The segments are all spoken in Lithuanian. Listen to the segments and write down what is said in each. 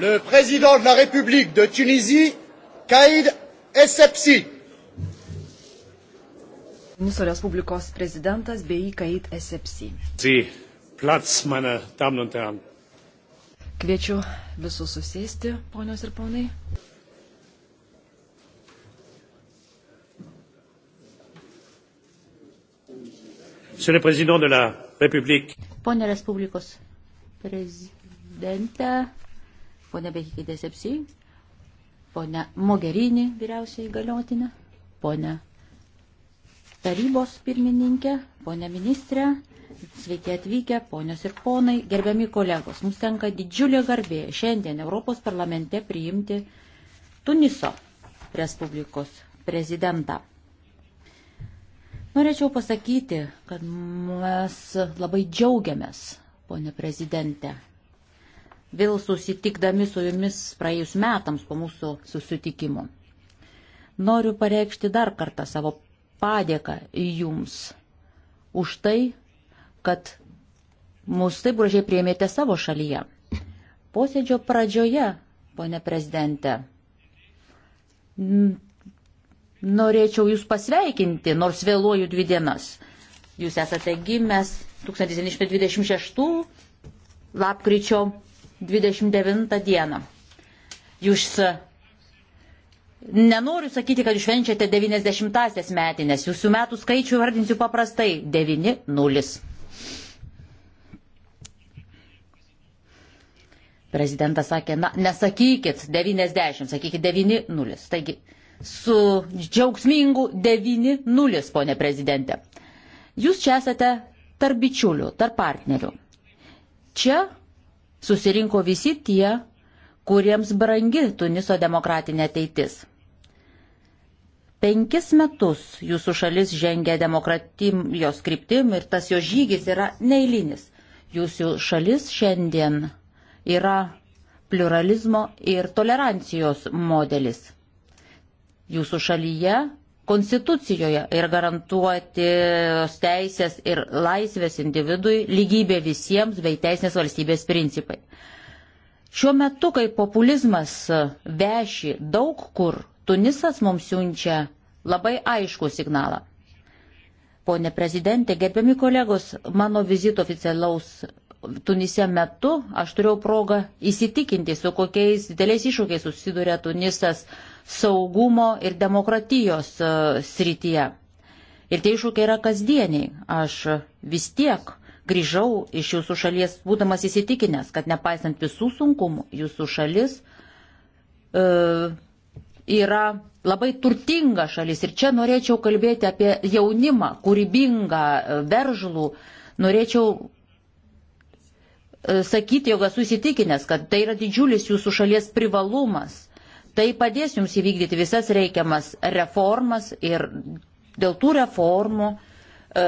le président de la République de Tunisie, Kaïd Essebsi. Tuniso Respublikos prezidentas bei Kaid Essebsi. Kviečiu visus susėsti, ponios ir ponai. Monsieur le Président de la République. Pone Respublikos prezidente, ponia Behikidė Sepsi, ponia Mogerinį vyriausiai galiotinę, ponia tarybos pirmininkė, ponia ministrė, sveiki atvykę, ponios ir ponai, gerbiami kolegos, mums tenka didžiulė garbė šiandien Europos parlamente priimti Tuniso Respublikos prezidentą. Norėčiau pasakyti, kad mes labai džiaugiamės, ponė prezidentė, vėl susitikdami su jumis praėjus metams po mūsų susitikimo. Noriu pareikšti dar kartą savo padėką jums už tai, kad mus taip gražiai priėmėte savo šalyje. Posėdžio pradžioje, ponė prezidente, norėčiau jūs pasveikinti, nors vėluoju dvi dienas. Jūs esate gimęs 1926 lapkričio 29 dieną. Jūs e, nenoriu sakyti, kad jūs švenčiate 90-asias metinės, jūsų metų skaičių vardinsiu paprastai - 9-0. Prezidentas sakė, na, nesakykit 90, sakykit 9-0. Taigi, su džiaugsmingu 9-0, ponė prezidentė. Jūs čia esate tarp bičiulių, tarp partnerių. Čia susirinko visi tie, kuriems brangi Tuniso demokratinė ateitis. Penkis metus jūsų šalis žengia demokratijos kryptim ir tas jo žygis yra neįlinis. Jūsų šalis šiandien yra pluralizmo ir tolerancijos modelis. Jūsų šalyje Konstitucijoje ir garantuoti teisės ir laisvės individui, lygybė visiems bei teisinės valstybės principai. Šiuo metu, kai populizmas veši daug kur, Tunisas mums siunčia labai aišku signalą. Pone prezidentė, gerbiami kolegos, mano vizito oficialaus Tunise metu aš turėjau progą įsitikinti, su kokiais dideliais iššūkiais susiduria Tunisas saugumo ir demokratijos e, srityje. Ir tie iššūkiai yra kasdieniai. Aš vis tiek grįžau iš jūsų šalies, būdamas įsitikinęs, kad nepaisant visų sunkumų, jūsų šalis e, yra labai turtinga šalis. Ir čia norėčiau kalbėti apie jaunimą, kūrybingą, e, veržlų. Norėčiau sakyti, jog esu įsitikinęs, kad tai yra didžiulis jūsų šalies privalumas. Tai padės jums įvykdyti visas reikiamas reformas ir dėl tų reformų e,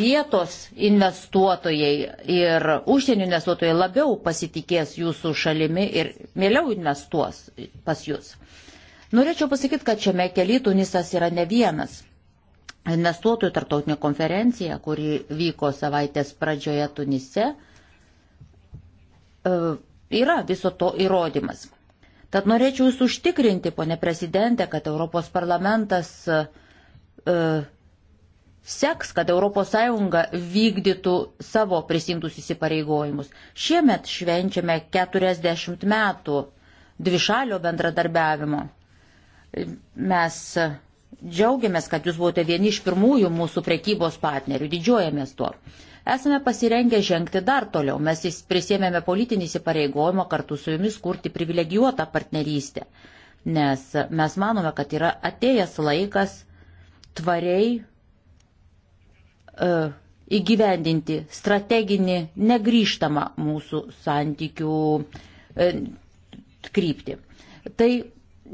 vietos investuotojai ir užsienio investuotojai labiau pasitikės jūsų šalimi ir mieliau investuos pas jūs. Norėčiau pasakyti, kad šiame kelyje Tunisas yra ne vienas investuotojų tartautinė konferencija, kuri vyko savaitės pradžioje Tunise, e, yra viso to įrodymas. Tad norėčiau jūs užtikrinti, ponė prezidentė, kad Europos parlamentas e, seks, kad ES vykdytų savo prisimtus įsipareigojimus. Šiemet švenčiame 40 metų dvišalio bendradarbiavimo. Mes Džiaugiamės, kad jūs buvote vieni iš pirmųjų mūsų prekybos partnerių, didžiuojamės tuo. Esame pasirengę žengti dar toliau, mes prisėmėme politinį įsipareigojimą kartu su jumis kurti privilegijuotą partnerystę, nes mes manome, kad yra atėjęs laikas tvariai uh, įgyvendinti strateginį negryžtamą mūsų santykių uh, kryptį. Tai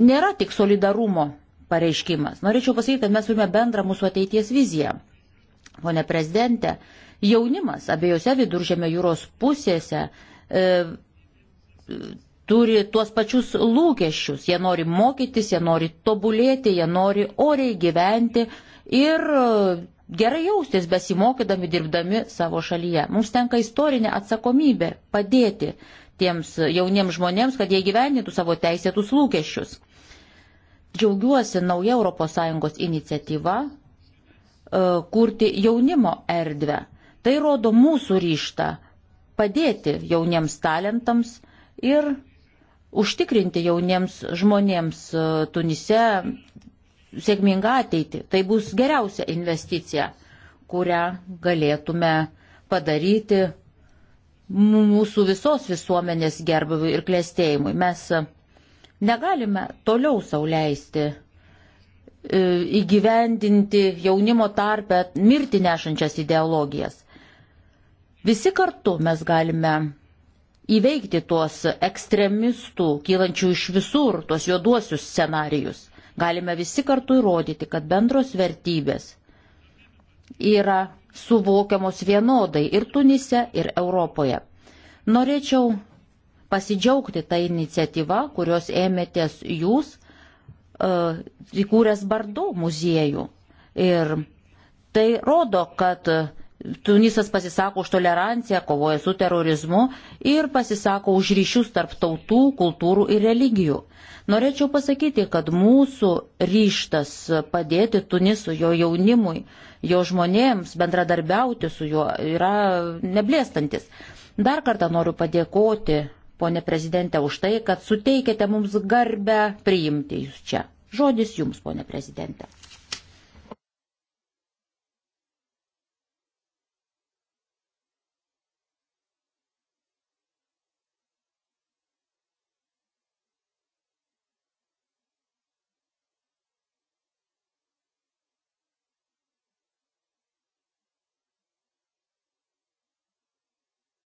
nėra tik solidarumo pareiškimas. Norėčiau pasakyti, kad mes turime bendrą mūsų ateities viziją. Pone prezidente, jaunimas abiejose viduržėmio jūros pusėse e, turi tuos pačius lūkesčius. Jie nori mokytis, jie nori tobulėti, jie nori oriai gyventi ir e, gerai jaustis besimokydami, dirbdami savo šalyje. Mums tenka istorinė atsakomybė padėti tiems jauniems žmonėms, kad jie gyvenintų savo teisėtus lūkesčius. Džiaugiuosi nauja ES iniciatyva e, kurti jaunimo erdvę. Tai rodo mūsų ryštą padėti jauniems talentams ir užtikrinti jauniems žmonėms e, Tunise sėkmingą ateitį. Tai bus geriausia investicija, kurią galėtume padaryti mūsų visos visuomenės gerbaviui ir klėstėjimui. Mes Negalime toliau sauliaisti e, įgyvendinti jaunimo tarpę mirti nešančias ideologijas. Visi kartu mes galime įveikti tuos ekstremistų, kylančių iš visur, tuos juoduosius scenarius. Galime visi kartu įrodyti, kad bendros vertybės yra suvokiamos vienodai ir Tunise, ir Europoje. Norėčiau pasidžiaugti tą iniciatyvą, kurios ėmėtės jūs, e, įkūręs Bardo muziejų. Ir tai rodo, kad Tunisas pasisako už toleranciją, kovoja su terorizmu ir pasisako už ryšius tarp tautų, kultūrų ir religijų. Norėčiau pasakyti, kad mūsų ryštas padėti Tunisu, jo jaunimui, jo žmonėms bendradarbiauti su juo yra neblėstantis. Dar kartą noriu padėkoti ponė prezidentė, už tai, kad suteikėte mums garbę priimti jūs čia. Žodis jums, ponė prezidentė.